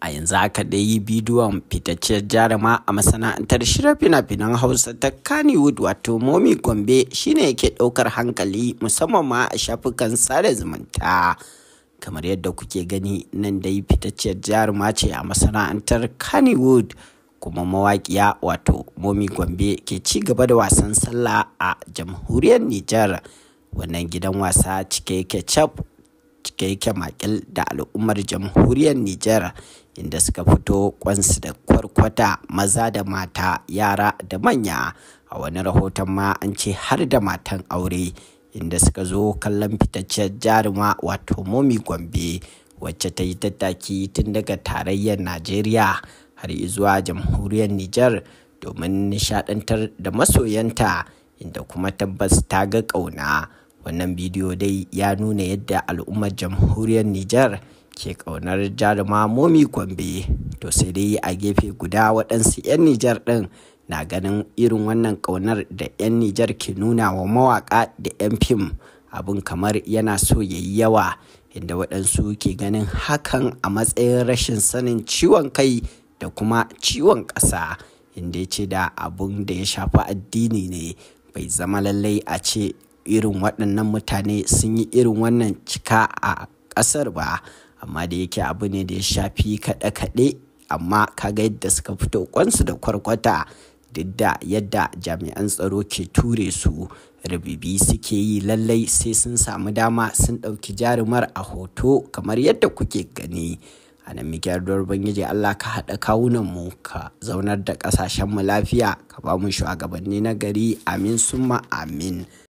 a yanzu haka dai yi bidiyon fitacciyar jaruma a masana'antar shirya fina-finan hausa ta kannywood wato momi gombe shine yake ɗaukar hankali musamman ma a shafukan sada zumunta kamar yadda kuke gani nan dai fitacciyar jaruma ce a masana'antar kannywood kuma mawaƙiya wato momi gombe ke ci gaba da wasan sallah a jamhuriyar nijar wannan gidan wasa cike yake cap yake makil da al'ummar jamhuriyar Nijar inda suka fito kwansu da kwarkwata maza da mata yara da manya a wani rahoton ma an ce har da matan aure inda suka zo kallon fitaccen jaruma wato momi gombe wacce ta yi tattaki tun daga tarayyar najeriya har zuwa jamhuriyar nijar domin nishadantar da masoyanta inda kuma tabbas ta ga ƙauna wannan bidiyo dai ya nuna yadda al'ummar jamhuriyar nijar ke ƙaunar jaruma momi kwambe to sai dai a gefe guda waɗansu 'yan nijar ɗin na ganin irin wannan ƙaunar da 'yan nijar ke nuna wa mawaƙa da 'yan fim abin kamar yana so ya yi yawa inda waɗansu ke ganin hakan a matsayin rashin sanin ciwon kai da kuma ciwon ƙasa inda ya ce da abun da ya shafi addini ne bai zama lallai a ce irin waɗannan mutane sun yi irin wannan cika a ƙasar ba amma da yake abu ne da ya shafi kaɗe-kaɗe amma ka ga yadda suka fito kwansu da kwarkwata duk da yadda jami'an tsaro ke ture su rabibi suke yi lallai sai sun samu dama sun ɗauki jarumar a hoto kamar yadda kuke gani a nan muke yarduwar ubangiji allah ka haɗa kawunan mu ka zaunar da mu lafiya ka ba mu shugabanni na gari amin summa amin